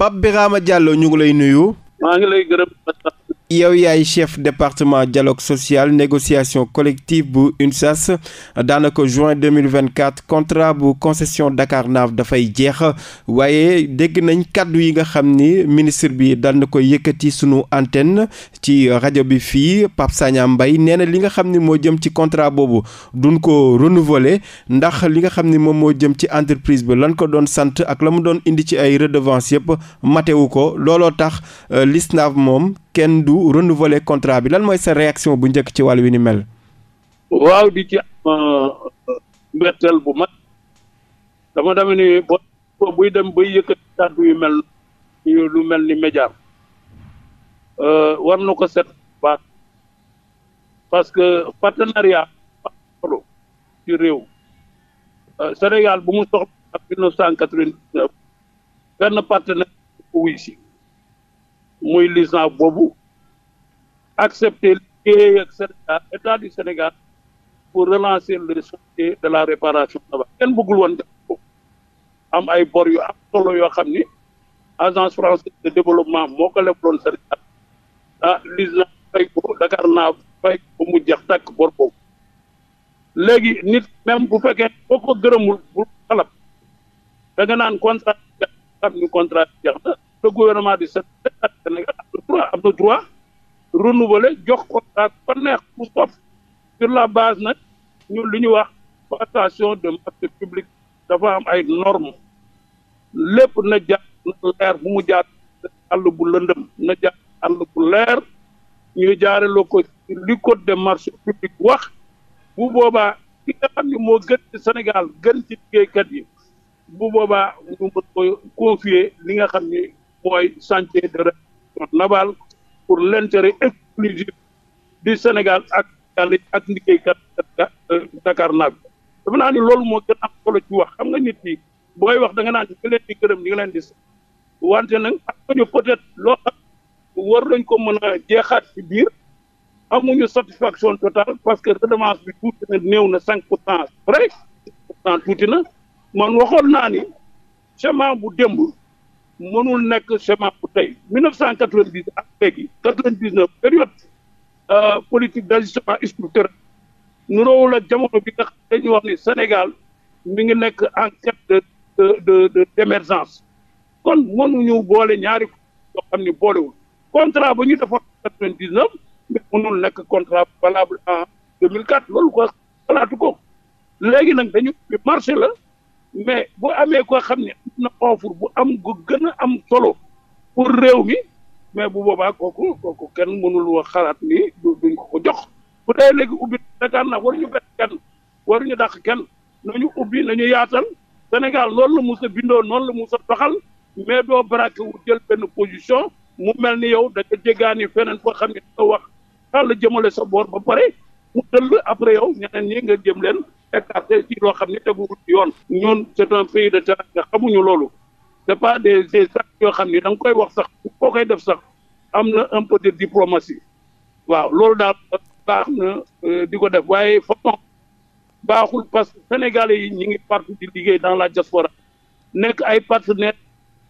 Pape Birama Diallo ñu ngi lay nuyu. maa ngi lay gërëm. yow yaay chef département dialogue social négociation collective bu UNSAS daanaka juin 2024 contrat bu concession Dakarnave dafay jeex waaye dégg nañ kàddu yi nga xam ni ministre bi dal na ko yëkkati sunu antenne ci rajo bi fii Pape Sagna Mbaye nee na li nga xam ni moo jëm ci contrat boobu duñ ko renouveler ndax li nga xam ni moom moo jëm ci entreprise bi lan ko doon sant ak la mu doon indi ci ay redevance yëpp matewu ko looloo tax euh, Lisnave moom kenn wu renouveler contrat bi lan mooy sa réaction bu njëkk ci wàll wi ni mel. waaw di ci am euh, bu mag dama demee ni buy dem bay yëkkati kàddu yu mel lu mel ni média euh, war na ko set parce que partenariat solo ci réew euh, Sénégal bu mu soxla ak mille cent quatre-vingt-dix-neuf benn wuy si muy licence boobu accepté liggéey ak du Sénégal pour relancer le chantier de la réparation tabac kenn bëggul woon am ay bor yu am solo yoo xam ni agence française de développement moo ko lebloon Sénégal ah lis na fay ko Dakar naa fay ko mu jeex tàkk bor boobu léegi nit même bu fekkee boo ko gërëmul bu xalab da nga naan contrat xam na le gouvernement du Sénégal am na droit am na droit renouveler jox contrat ko neex ku sopp la base nag ñun li ñu wax passation de marché public dafa am ay normes lépp na jaar na leer bu mu jaar àll bu lëndëm na jaar àll bu leer ñu jaareloo ko li code de marché public wax bu boobaa ki nga xam ne moo gën Sénégal gën ci liggéeykat yi bu booba confier li nga xam ni mooy chantier de rénovation navale pour l' intérêt exclusif Sénégal ak ak liggéeykat Dakar euh, naag dafa naa ni loolu moo gën am solo ci wax xam nga nit ñi booy wax da nga naan ñi nga leen di gërëm ñi leen di sant wante nag am nañu peut-être loo war lañ ko mën a jeexaat ci biir am amuñu satisfaction totale parce que redevance bi tuuti na new na cinq pour cent vrai tuuti na man waxoon naa ni chemin bu démb mënul nekk schéma bu tey 1990 ak léegi 99 période euh, politique d'ajustement structurel nuroowul ak jamono bi nga xam dañuy wax ni Sénégal mi ngi nekk en quête de de de d'émergence kon mënuñu boole ñaari yoo xam ni boolewul contrat ba ñu defoon 99 mais mënul nekk contrat valable en 2004 loolu ko xalaatu ko léegi nag dañu marché la. mais bu amee koo xam ne am na offre bu am gu gën a am solo pour réew mi mais bu boobaa kooku kooku kenn mënul wax xalaat ni duñ ko ko jox bu dee léegi ubbi dagaan na waruñu bet kenn waruñu dàq kenn nañu ubbi nañu yaatal Sénégal loolu la mus a bindoo noonu la mus a doxal mais doo braqué wu jël benn position mu mel ni yow da nga feneen foo xam ne wax nga wax jëmale sa boor ba pare mu dëll après yow ñeneen ñi nga jëm leen écarté ci loo xam ne tegu yoon ñoon c'est un pays de teranga xamuñu loolu c'est pas des des actes yoo xam ne da nga koy wax sax koo koy def sax am na un peu de diplomatie waaw loolu daal baax na euh, di ko def waaye façon baaxul parce que sénégalais yi ñi ngi parti di liggéey dans la diaspora nekk ay partenaire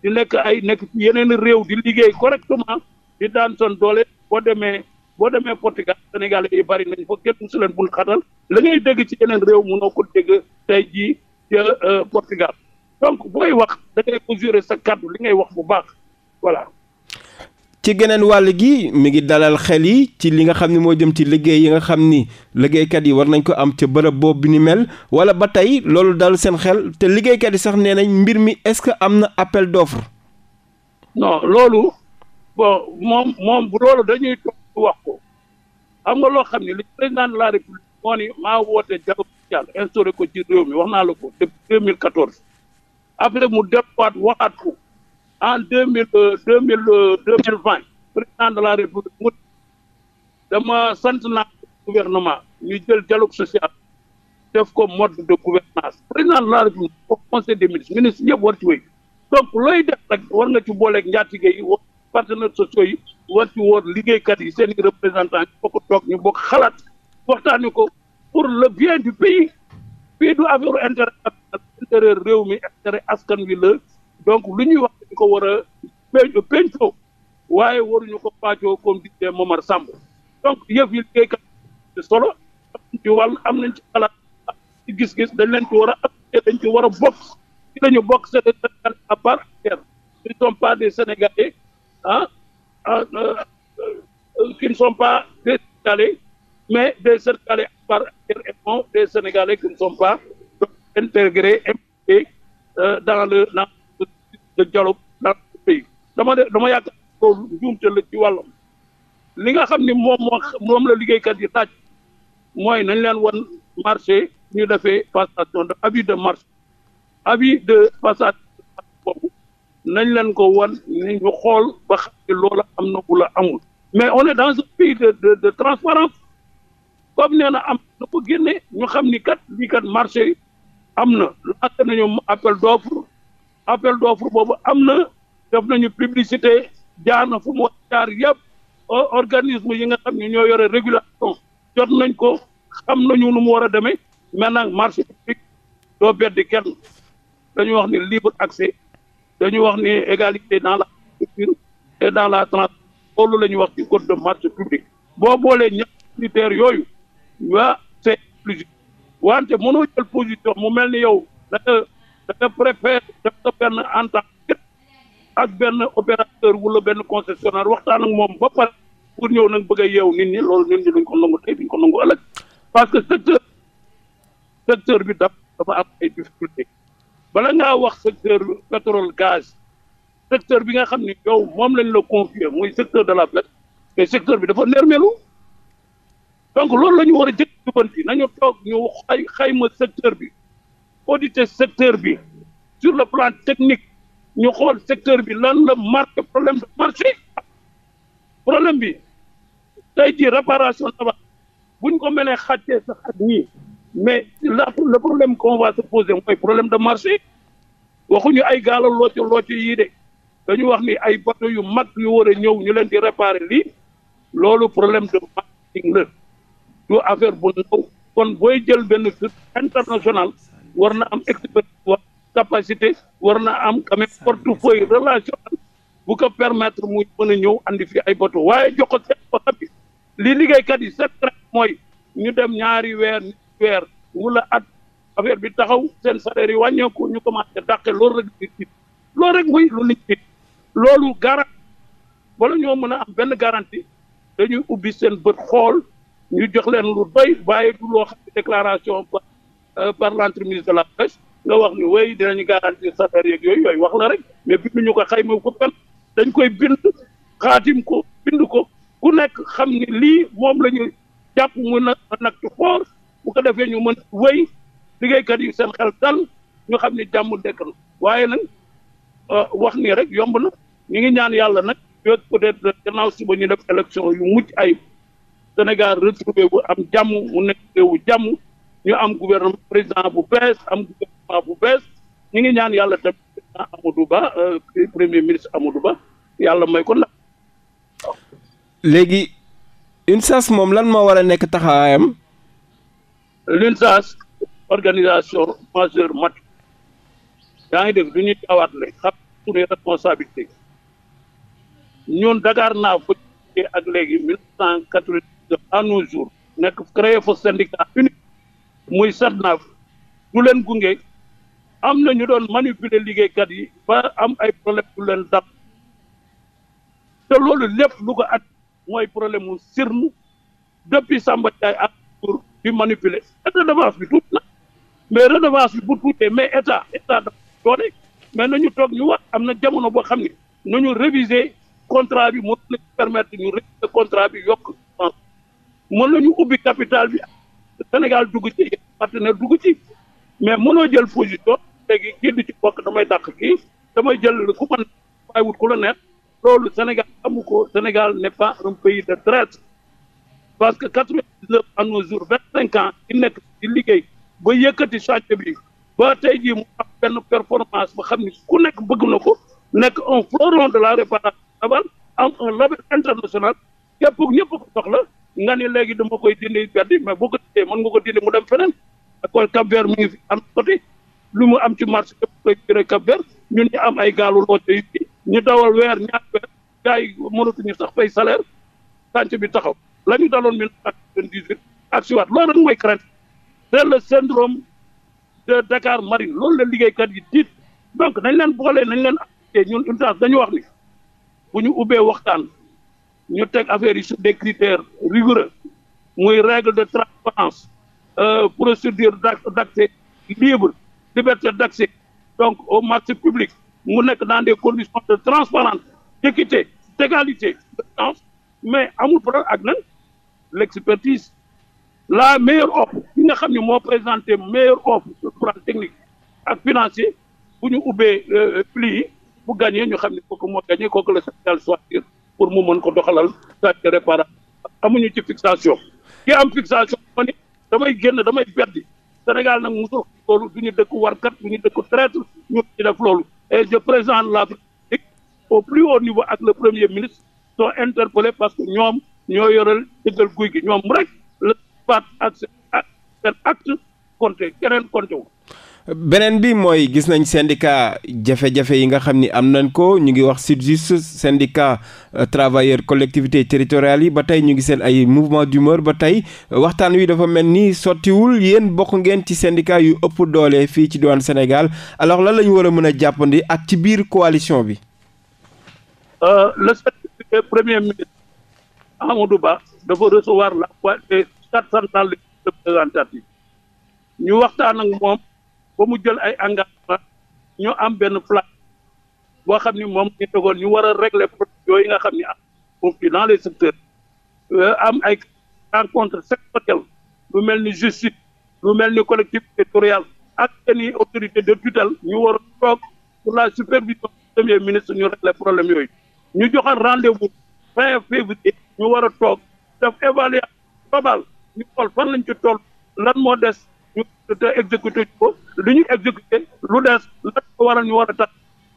di nekk ay nekk yeneen réew di liggéey correctement di daan son doole boo demee boo demee Portugal sénégalais yi bari nañ fa kenn su leen bul xatal la ngay dégg ci yeneen réew mënoo ko dégg tey jii ca euh, Portugal donc booy wax da ngay sa kàddu li ngay wax bu baax voilà. ci geneen wàll gi mi ngi dalal xel yi ci li nga xam ne moo jëm ci liggéey yi nga xam ni liggéeykat yi war nañ ko am ca bërëb boobu bi ni mel wala ba tey loolu dal seen xel te liggéeykat yi sax nee nañ mbir mi est-ce que am na appel d'offre. non loolu bon moom moom bu loolu dañuy toog wax ko xam nga loo xam ne le président de la moo ni maa woote dialogue social instauré ko ci réew mi wax naa la ko depuis 2014 après mu delluwaat waxaat ko en deux mille euh, deux mille euh, deux vingt président de la république mu dama sant naa gouvernement ñu jël dialogue social def ko mode de gouvernance président de la république au conseil des ministres ministres yëpp war ci wéy donc looy def rek war nga ci booleeg njaatige yi war partenaires sociaux yi war ci wóor liggéeykat yi seen i représentants ñu bokk toog ñu bokk xalaat waxtaani ko pour le bien du pays fii du affaire intérêt intérêt réew mi askan wi la donc lu ñuy wax dañu ko war a pénc péncoo waaye waruñu ko pàccoo comme disait Momar Samb donc yëf yi liggéeykat solo am nañ ci wàll am nañ ci xalaat gis-gis dañ leen ci war a appuyer ci war a bokk ci la ñu bokk c'est à part entière ils sont pas des Sénégalais ah, ah euh, euh, sont pas des Sénégalais mais des Sénégalais par ailleurs et non des Sénégalais qui ne sont pas intégrés impliqués euh, dans le dama de dama yaakaar loolu njuumte la ci wàllam li nga xam ni moom moo moom la liggéeykat yi laaj mooy nañ leen wan marché ñu defee passation de avis de marché avis de passation de marché leen ko wan ñu xool ba xam ne loola am na la amul mais on est dans un pays de transparence comme nee na am na ko génne ñu xam ni kat lii marché am na lancé nañu appel d'offre appel d'offre boobu am na def nañu publicité jaar na fu mu jaar yëpp organisme yi nga xam ne ñoo yore régulation jot nañ ko xam nañu nu mu war a demee maintenant marché public doo beddi kenn dañu wax ni libre accès dañu wax ni égalité dans la structure et dans la trans loolu la ñuy wax ci code de marché public boo boolee ñaari yooyu waa c'est plus wante mënoo jël position mu mel ni yow da nga da nga préfère def sa benn entente ak benn opérateur wala benn concessionnaire waxtaan ak moom ba pour ñëw nag bëgg a yeew nit ñi loolu nit duñ ko nangu tey ko nangu ëllëg parce que secteur secteur bi daf dafa am difficulté bala ngaa wax secteur pétrole gaz secteur bi nga xam ni yow moom lañ la confier muy secteur de la pêche mais secteur bi dafa nermelu donc loolu la ñu war a jëkk jubanti nañu toog ñu xay xayma secteur bi auditer secteur bi sur le plan technique ñu xool secteur bi lan la marque problème de marché problème bi tey ji réparation tabax buñ ko mënee xàccee sa xat ñii mais la le problème qu'on va se poser mooy problème de marché waxuñu ay gaala looco looco yii de dañu wax ni ay bateau yu mag yu war ñëw ñu leen di réparer lii loolu problème de marketing la du affaire bu ndaw kon booy jël benn firme international war na am expertise war war na am quand même portefeuille bu ko permettre muy mën a ñëw andi fi ay bateau waaye jox seen ba bi li liggéeykat yi seen traite mooy ñu dem ñaari weer weer wala at affaire bi taxaw seen salaire yi wàññeeku ñu commencé dàqe loolu rek nit ñi loolu lu nit ñi loolu garanti wala ñoo mën a am benn garantie dañuy ubbi seen bët xool ñu jox leen lu doy waaye du loo xam ne déclaration par euh, l'entremise de la pêche nga wax ni wey dinañu garantir salaire yeeg yooyu yooyu wax la rek mais ñu ko xayma ko pen dañ koy bind xaatim ko bind ko ku nekk xam ni lii moom lañu ñu jàpp mu na nag tu xool bu ko defee ñu mën wey liggéeykat yi seen xel dal ñu xam ni jàmm dekk na waaye nag euh, wax nii rek yomb na ñu ngi ñaan yàlla nag yooyu peut-être gannaaw suba ñu def élection yu mucc ayib Sénégal retrouvé bu am jàmm mu nekk réewu jàmm ñu am gouvernement président bu bees am gouvernement bu bees ñu ngi ñaan yàlla tamit président Amadou Ba euh, premier ministre Amadou Ba yàlla may ko la léegi UNSAS moom lan moo war a nekk taxawaayam. l'UNSAS organisation majeure mat yaa ngi dégg du ñuy jawaatle xam suñuy responsabilité ñun Dakar naa fa ak léegi mille cent quatre-vingt à nos jours nekk créé fa syndicat unique muy SATNAF du leen gunge am na ñu doon manipuler liggéeykat yi ba am ay problème du leen dab te loolu lépp lu ko at mooy problème mu sirnu depuis Samba a ak pour di manipuler redevance bi tuuti na mais redevance bi bu tuutee mais état état dafa doole mais ñu toog ñu wax am na jamono boo xam ne nañu réviser contrat bi moo nañu permettre ñu réviser contrat bi yokk mën nañu ubbi capital bi Sénégal dugg ci partenaire dugg ci mais mënoo jël position léegi kii du ci bokk damay dàq kii damay jël ku man waaye wut ku la neex loolu Sénégal amu ko Sénégal n'est pas un pays de traite parce que quatre-vingt-dix-neuf à nos jours vingt cinq ans di nekk di liggéey ba yëkkati chantier bi ba tey jii mu am benn performance ba xam ni ku nekk bëgg na ko nekk un fleuron de la réparation navale am un label international képp ñëpp ko soxla nga ni léegi dama koy dindi beddi mais boo ko mën nga ko dindi mu dem feneen kon Cap Vert mi ngi fi am côté lu mu am ci marché yëpp koy jëlee Cap am ay gaalu ñu dawal weer ñaar weer gars yi mënatuñu sax fay salaire sànc bi taxaw la daloon mille neuf ak si waat loolu rek mooy crainte c'est le syndrome de Dakar Marine loolu la liggéeykat yi tiit donc nañ leen boole nañ leen ñun une dañu wax ni bu ñu ubbee waxtaan ñu teg affaire yi sur des critères rigoureux muy règle de transparence euh, procédure d'accès libre liberté d'accès donc au marché public mu nekk dans des conditions de transparence d'équité d'égalité de chance mais amul problème ak nan l'expertise la meilleure offre bi nga xam ne moo présenté meilleure offre sur technique ak financier bu ñu ubbee euh, pli yi bu gagné ñu xam ne kooku moo gagné kooku la Sénégal soit sûr pour mu mën ko doxalal sage réparation amuñu ci fixation ki am fixation ma ni damay génn damay beddi Sénégal nag musul loolu du ñu dëkk warkat du ñu dëkk traître ñu def loolu et je présente la République au plus haut niveau ak le premier ministre sont interpellés parce que ñoom ñoo yoral dëggal guy gi ñoom rek la baat ak seen acte compté keneen compté wu beneen bi mooy gis nañ syndicat jafe-jafe yi nga xam ni am nañ ko ñu ngi wax SYTJUST syndicat euh, travailleurs collectivités territoriales yi ba tey ñu ngi seen ay mouvement d'humeur ba tey euh, waxtaan wi dafa mel ni sottiwul yéen bokk ngeen ci syndicat yu ëpp doole fii ci diwaan senegal alors lan la ñu war a mën a jàppandi ak ci biir coalition bi. Euh, le Ba dafa recevoir ñu waxtaan ak moom. ba mu jël ay engagement ñu am benn plan boo xam ni moom ñu tegoon ñu war a régler problème yooyu nga xam ni am conflit dans les secteurs euh, am ay rencontre sectorielle lu mel ni justice lu mel ni collectivité territoriale ak seeni autorité de tutelle ñu war a toog pour la supervision du premier ministre ñu régler problème yooyu ñu joxoon rendez-vous fin ñu war a toog def évaluation globale ñu xool fan lañ ci toll lan moo des ñu te exécuté ko lu ñu exécuté lu des lan ko waral ñu war a tax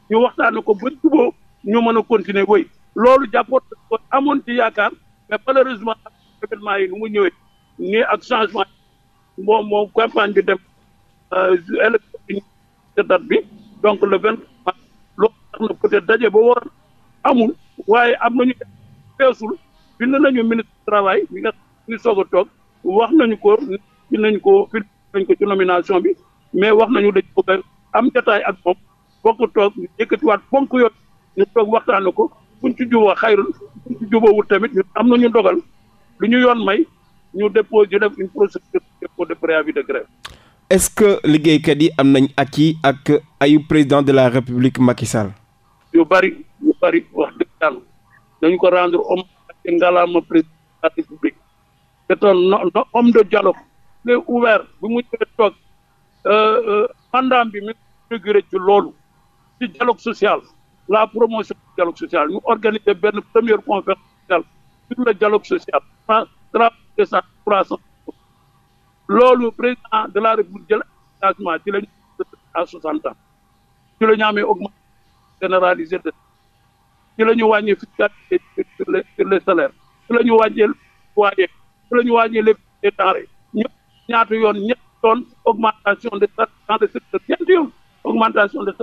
ñu waxtaane ko ba juboo ñu mën a continuer wéy loolu jàppoon ko amoon ci yaakaar mais malheureusement événement yi nu mu ñëwee nii ak changement moom moom campagne bi dem euh, élection date bi donc le vingt mars loolu tax na peut être daje ba war amul waaye am nañu feesul bind nañu ministre du travail mi nga ngi soog wax nañu ko dinañ ko nañ ko ci nomination bi mais wax nañu dañ ko am jotaay ak moom bokk toog yëkkatiwaat ponk yooyu ñu toog waxtaane ko buñ ci juboo xayrul buñ ci jubóowul tamit ñu am nañu dogal lu ñu yoon may ñu dépose ñu def une procédure de préavis de grève est-ce que liggéeykat yi am nañ ak yi ak ayu président de la république Macky yu bari yu bari wax dëgg yàlla dañu ko rendre homme ngalaama président de la république c'est un homme de dialogue très ouvert bi mu ñëwee toog euh, euh, mandat bi mi inauguré ci loolu ci dialogue social la promotion du dialogue social ñu organiser benn première conférence sociale sur le dialogue social trente loolu président de la république jël engagement ci la ñu à soixante ans ci la ñu amee augmentation généralisée de ci la ñu wàññee fiscalité sur les sur ci la ñu wàññee loyer ci ñaata yoon ñetti yoon augmentation de dans le secteur ñeenti yoon augmentation de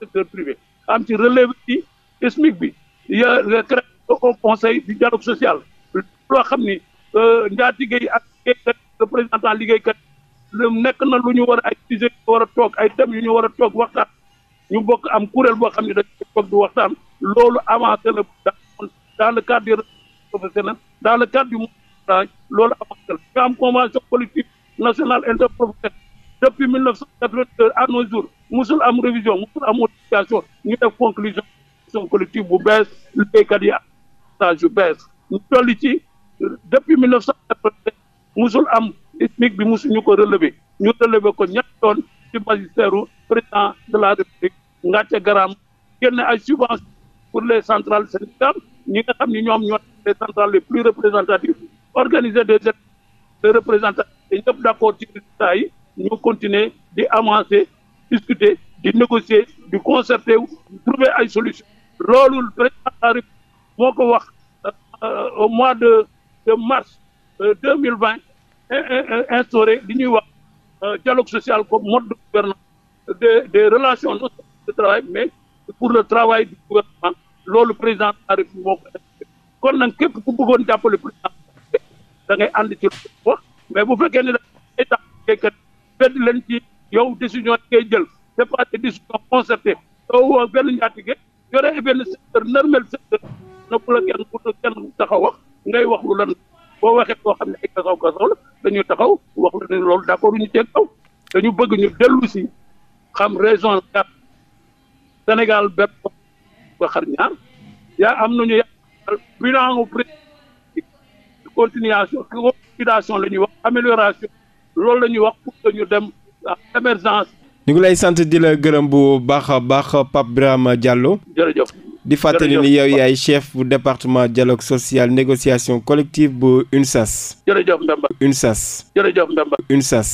secteur privé am ci relevé ci SMIC bi ya créé au conseil du dialogue social loo xam ni euh, njaatige yi ak liggéeykat représentant liggéeykat nekk na lu ñu war ay sujet ñu war a toog ay thèmes yu ñu war a toog waxtaan ñu bokk am kuréel boo xam ne dañ toog du waxtaan loolu avancé la dans le cadre du professionnel dans le cadre du loolu avancé la ñu am convention collective nationale interprofessionnelle depuis 1982 à nos jours musul am révision musul am modification ñu def conclusion collective bu bees liggéeykat yi yu bees ñu tolli ci depuis 1982 musul am SMIC bi musuñu ko relever ñu relever ko ñett yoon ci magistère président de la république ngàcce garaam génne a subventions pour les centrales syndicales ñi nga xam ni ñoom ñoo les centrales les plus représentatives organiser des représentatives te ñëpp d'accord ci résultat yi ñu continuer di avancer discuter di négocier di concerter wu trouver ay solution loolu président de la moo ko wax euh, au mois de de euh, deux mille vingt instauré li ñuy wax euh, dialogue social comme mode de gouvernance des des relations non de travail mais pour le travail du gouvernement loolu président de la République moo ko kon nag képp ku bëggoon jàppale président da ngay ànd ci wax mais bu fekkee ne dañuy tax béykat fedd leen ci yow décision yi ngay jël c'est pas des décisions concertées soo benn njaatige yore benn secteur normel secteur na bu kenn bu taxaw wax ngay wax lu lan boo waxee koo xam ne ay kasaw kasaw la dañuy taxaw wax la ne loolu d'accord ñu teg kaw dañu bëgg ñu dellu si xam raison la Sénégal bépp ba xar ñaar yaa am nañu yàqal bilan président continuation liquidation la ñuy wax amélioration loolu la ñuy wax pour que ñu dem émergence. ñu ngi lay sant di la gërëm bu baax a baax Pape Birame a jërëjëf di fàttali ni yow yaay chef bu département dialogue social négociation collective bu UNSAS. jërëjëf Mbemba UNSAS. jërëjëf Mbemba